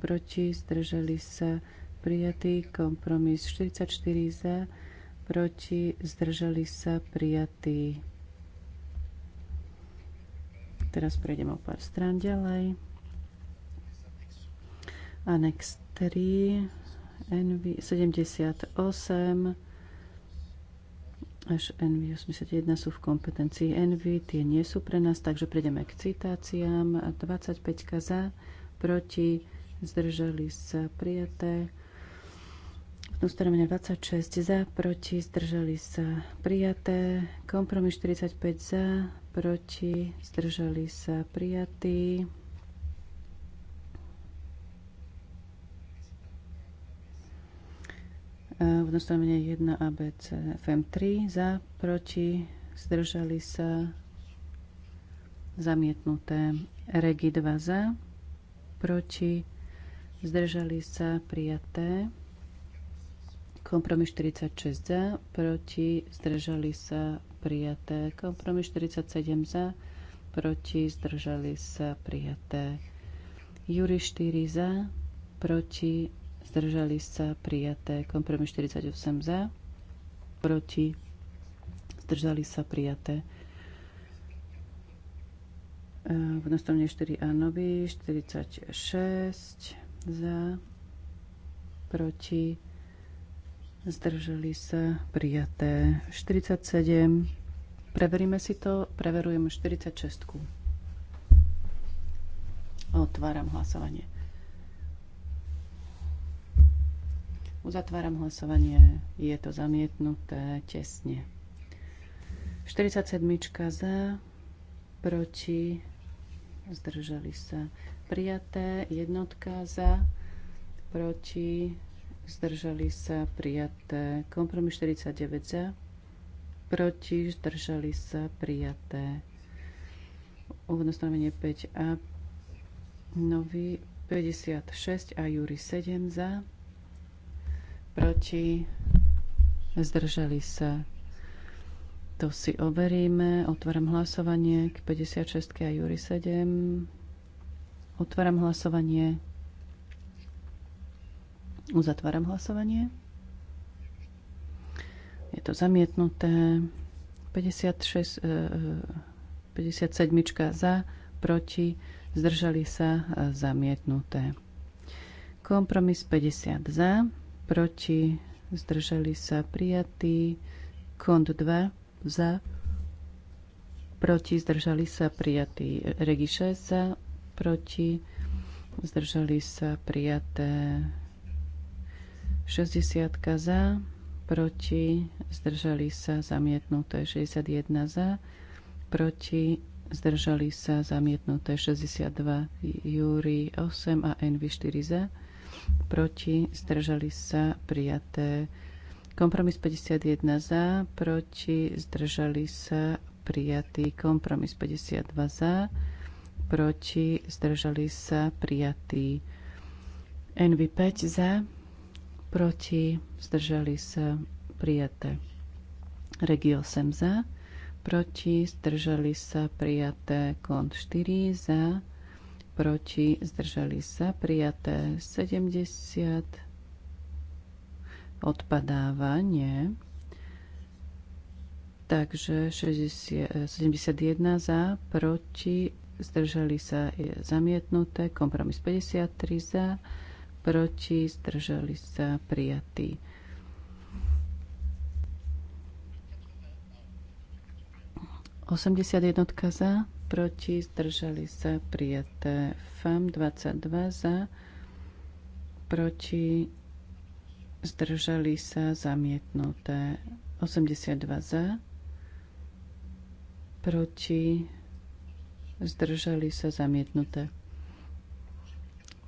proti, zdržali sa prijatý prijatý. Kompromis 44 za, proti, zdržali sa, prijatý. Teraz prejdeme o pár strán ďalej. Anex 3, NV 78 až NV 81 sú v kompetencii NV, tie nie sú pre nás, takže prejdeme k citáciám. 25 za, proti, zdržali sa prijaté. Ustanovenie 26 za, proti, zdržali sa prijaté. Kompromis 45 za, proti, zdržali sa prijatí. V e, ustanovenie 1 ABC FM3 za, proti, zdržali sa zamietnuté. Regi 2 za, proti, zdržali sa prijaté. Kompromis 46 za, proti, zdržali sa prijaté. Kompromis 47 za, proti, zdržali sa prijaté. Júri 4 za, proti, zdržali sa prijaté. Kompromis 48 za, proti, zdržali sa prijaté. E, v nastavne 4 a nový, 46 za, proti, zdržali sa, prijaté 47. Preveríme si to, preverujeme 46. Otváram hlasovanie. Uzatváram hlasovanie, je to zamietnuté tesne. 47. za, proti, zdržali sa. Prijaté jednotka za, proti, zdržali sa prijaté. Kompromis 49 za, proti, zdržali sa prijaté. Úvodné stanovenie 5a, nový 56 a Júri 7 za, proti, zdržali sa. To si overíme. Otváram hlasovanie k 56 a Júri 7. Otváram hlasovanie. Uzatváram hlasovanie. Je to zamietnuté. 56, 57 e, e, za, proti, zdržali sa e, zamietnuté. Kompromis 50 za, proti, zdržali sa prijatí. Kont 2 za, proti, zdržali sa prijatý. Regi 6 za, proti, zdržali sa prijaté. 60 za, proti, zdržali sa, zamietnuté 61 za, proti, zdržali sa, zamietnuté 62, Júri 8 a NV 4 za, proti, zdržali sa, prijaté. Kompromis 51 za, proti, zdržali sa, prijatý. Kompromis 52 za, proti, zdržali sa, prijatý. NV5 za, proti, zdržali sa prijaté. Regio sem za, proti, zdržali sa prijaté. Kont 4 za, proti, zdržali sa prijaté. 70 odpadáva, nie. Takže 60, 71 eh, za, proti, zdržali sa je zamietnuté. Kompromis 53 za, proti, zdržali sa prijatí. Osemdesiat jednotka za, proti, zdržali sa prijaté. FAM 22 za, proti, zdržali sa zamietnuté. 82 za, proti, zdržali sa zamietnuté.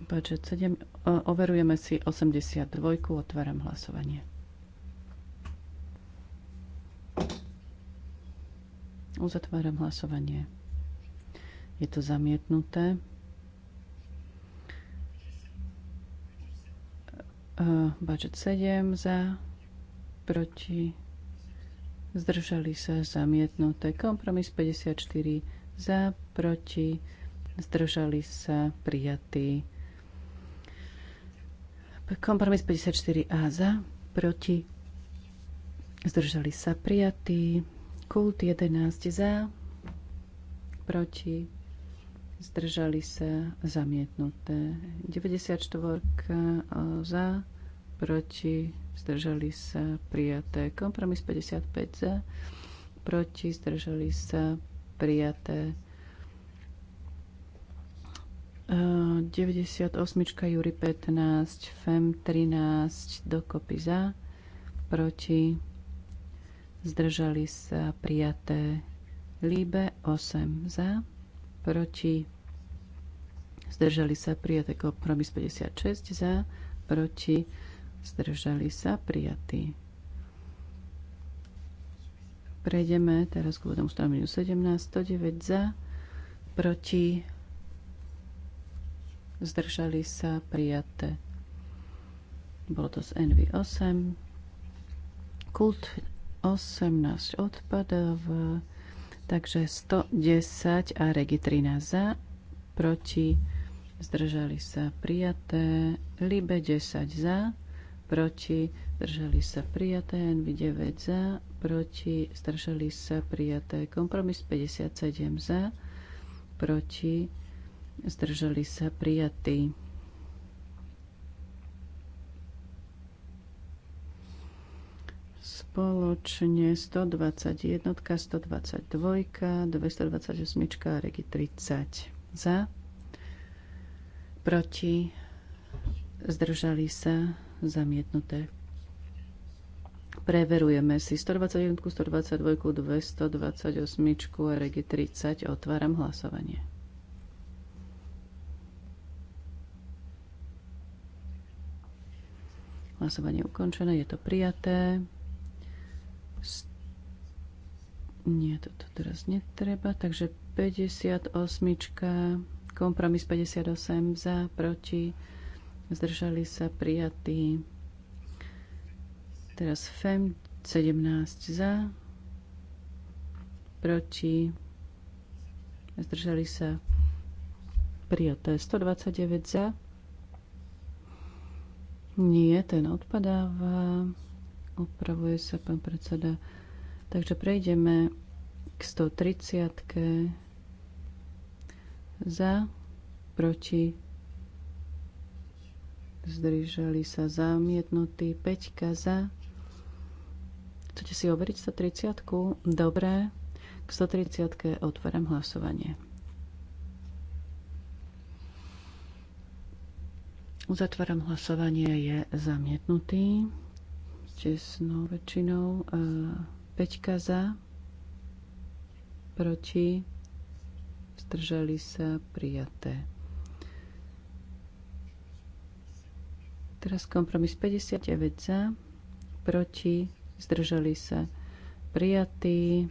Budget 7 E, overujeme si 82. Otváram hlasovanie. Uzatváram hlasovanie. Je to zamietnuté. E, budget 7 za, proti, zdržali sa zamietnuté. Kompromis 54 za, proti, zdržali sa prijatý. Kompromis 54A za, proti, zdržali sa prijatí. Kult 11 za, proti, zdržali sa zamietnuté. 94 e, za, proti, zdržali sa prijaté. Kompromis 55 za, proti, zdržali sa prijaté. 98. Júri 15, FEM 13, dokopy za, proti, zdržali sa prijaté Líbe 8 za, proti, zdržali sa prijaté kompromis 56 za, proti, zdržali sa prijatí. Prejdeme teraz k úvodom stanoveniu 17, 109 za, proti, zdržali sa, prijaté. Bolo to z NV8. Kult 18 odpadov, takže 110 a Regi 13 za, proti, zdržali sa, prijaté. Libe 10 za, proti, zdržali sa, prijaté. NV 9 za, proti, zdržali sa, prijaté. Kompromis 57 za, proti, zdržali sa prijatí. Spoločne 121, 122, 228 a regi 30 za, proti, zdržali sa, zamietnuté. Preverujeme si 121, 122, 228 a regi 30. Otváram hlasovanie. Hlasovanie ukončené, je to prijaté. Nie, toto teraz netreba. Takže 58, kompromis 58 za, proti, zdržali sa prijatí. Teraz FEM 17 za, proti, zdržali sa prijaté 129 za, nie, ten odpadáva. Opravuje sa pán predseda. Takže prejdeme k 130. Za, proti, zdržali sa zamietnutí, 5 za. Chcete si overiť 130? Dobre. K 130 otváram hlasovanie. Uzatváram hlasovanie, je zamietnutý. Tesnou väčšinou. E, peťka za. Proti. Zdržali sa prijaté. Teraz kompromis 59 za. Proti. Zdržali sa prijatý.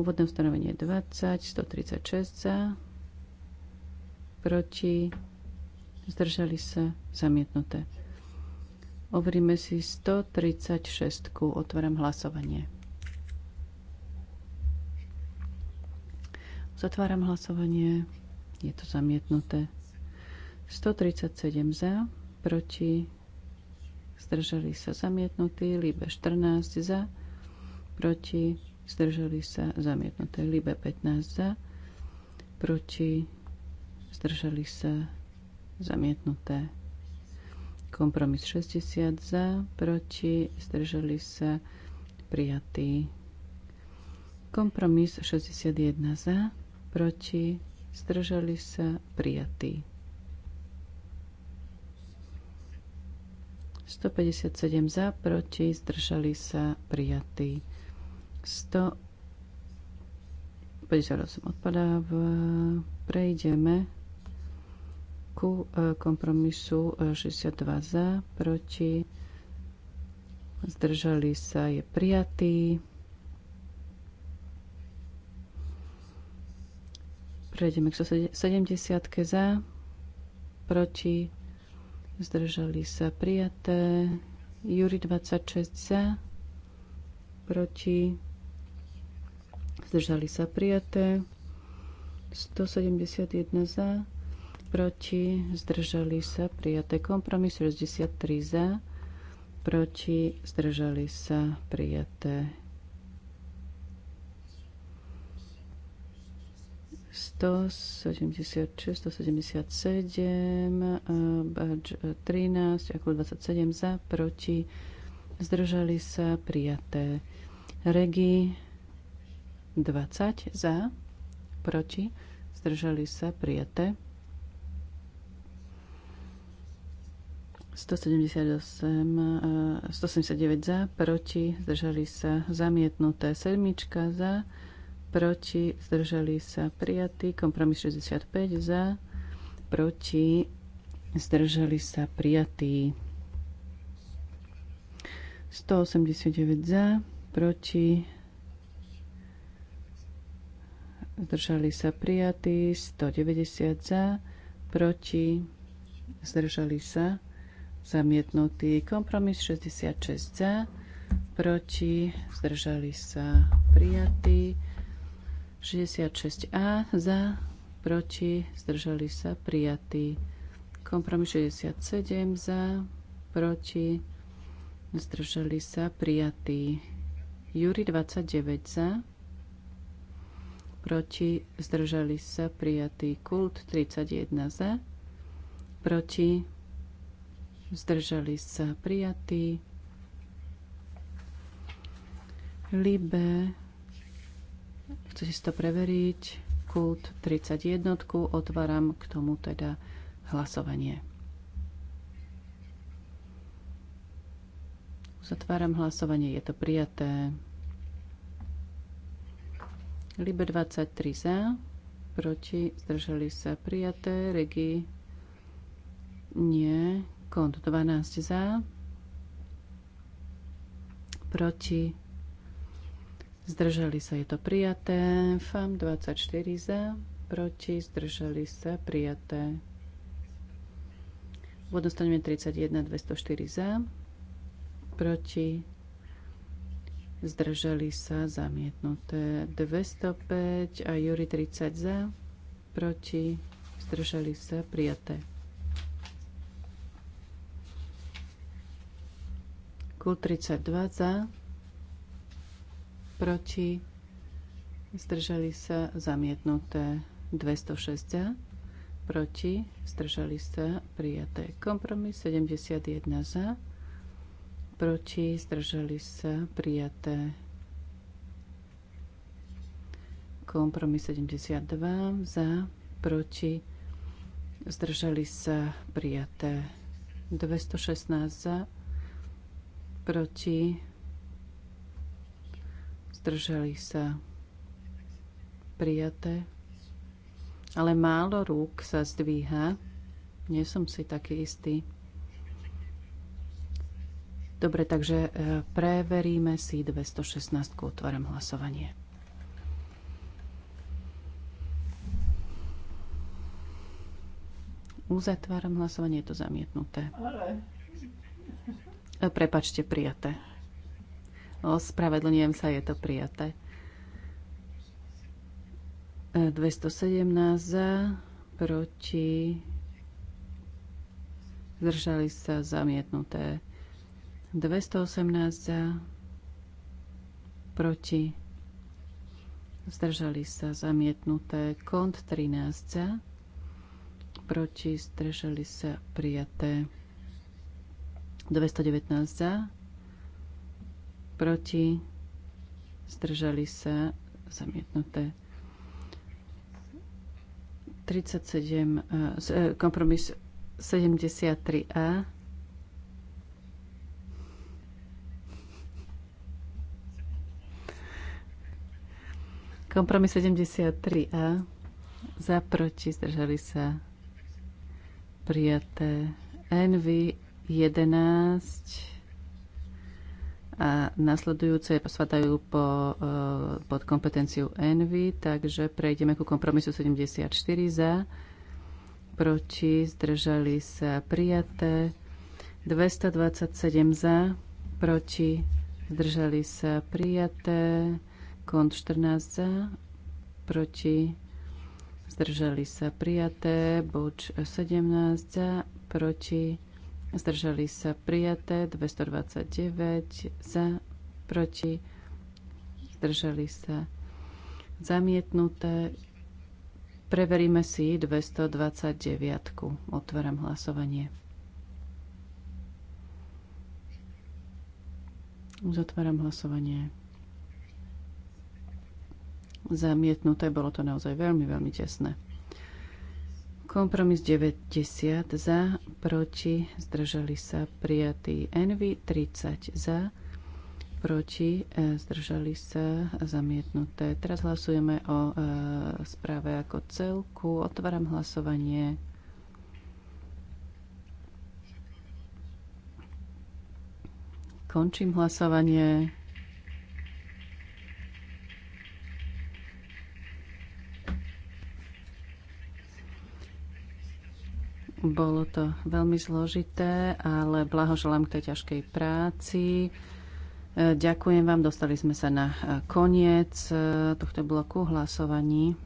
Úvodné ustanovenie 20, 136 za, proti zdržali sa, zamietnuté. Overíme si 136. Otváram hlasovanie. Zatváram hlasovanie. Je to zamietnuté. 137 za, proti, zdržali sa zamietnutí, líbe 14 za, proti, zdržali sa zamietnuté, Líbe 15 za, proti, zdržali sa zamietnuté. Kompromis 60 za, proti, zdržali sa, prijatý. Kompromis 61 za, proti, zdržali sa, prijatý. 157 za, proti, zdržali sa, prijatý. 158 v... Prejdeme ku e, kompromisu 62 e, za, proti, zdržali sa, je prijatý. Prejdeme k 70 za, proti, zdržali sa, prijaté. Júri 26 za, proti, zdržali sa, prijaté. 171 za, proti, zdržali sa, prijaté kompromis 63 za, proti, zdržali sa, prijaté 176, 177, 13, ako 27 za, proti, zdržali sa, prijaté regi 20 za, proti, zdržali sa, prijaté 178, 179 eh, za, proti, zdržali sa zamietnuté sedmička za, proti, zdržali sa prijatý, kompromis 65 za, proti, zdržali sa prijatý. 189 za, proti, zdržali sa prijatí, 190 za, proti, zdržali sa zamietnutý. Kompromis 66 za, proti, zdržali sa prijatí. 66A za, proti, zdržali sa prijatí. Kompromis 67 za, proti, zdržali sa prijatí. Júri 29 za, proti, zdržali sa prijatý. Kult 31 za, proti, zdržali sa prijatí. Libe, chce si to preveriť, kult 31, otváram k tomu teda hlasovanie. Zatváram hlasovanie, je to prijaté. Libe 23 za, proti, zdržali sa prijaté, regi nie, Kont 12 za, proti, zdržali sa, je to prijaté. FAM 24 za, proti, zdržali sa, prijaté. Vodostaneme 31, 204 za, proti, zdržali sa, zamietnuté 205 a Juri 30 za, proti, zdržali sa, prijaté. Kult 32 za, proti, zdržali sa zamietnuté 206 za, proti, zdržali sa prijaté kompromis 71 za, proti, zdržali sa prijaté kompromis 72 za, proti, zdržali sa prijaté 216 za, proti, zdržali sa prijaté, ale málo rúk sa zdvíha. Nie som si taký istý. Dobre, takže e, preveríme si 216. Otváram hlasovanie. Uzatváram hlasovanie, je to zamietnuté. Ale... E, prepačte, prijaté. Ospravedlňujem sa, je to prijaté. 217 e, za, proti, zdržali sa zamietnuté. 218 za, proti, zdržali sa zamietnuté. Kont 13 za, proti, zdržali sa prijaté. 219 za, proti, zdržali sa, zamietnuté. 37, eh, eh, kompromis 73a. Kompromis 73a. Za proti zdržali sa prijaté. envy. 11 a nasledujúce spadajú po, e, pod kompetenciu Envy, takže prejdeme ku kompromisu 74 za, proti, zdržali sa prijaté, 227 za, proti, zdržali sa prijaté, kont 14 za, proti, zdržali sa prijaté, buď 17 za, proti, zdržali sa prijaté 229 za, proti, zdržali sa zamietnuté. Preveríme si 229. Otváram hlasovanie. Zatváram hlasovanie. Zamietnuté, bolo to naozaj veľmi, veľmi tesné. Kompromis 90 za, proti, zdržali sa prijatý Envy 30 za, proti, e, zdržali sa zamietnuté. Teraz hlasujeme o e, správe ako celku. Otváram hlasovanie. Končím hlasovanie. Bolo to veľmi zložité, ale blahoželám k tej ťažkej práci. E, ďakujem vám, dostali sme sa na e, koniec e, tohto bloku hlasovaní.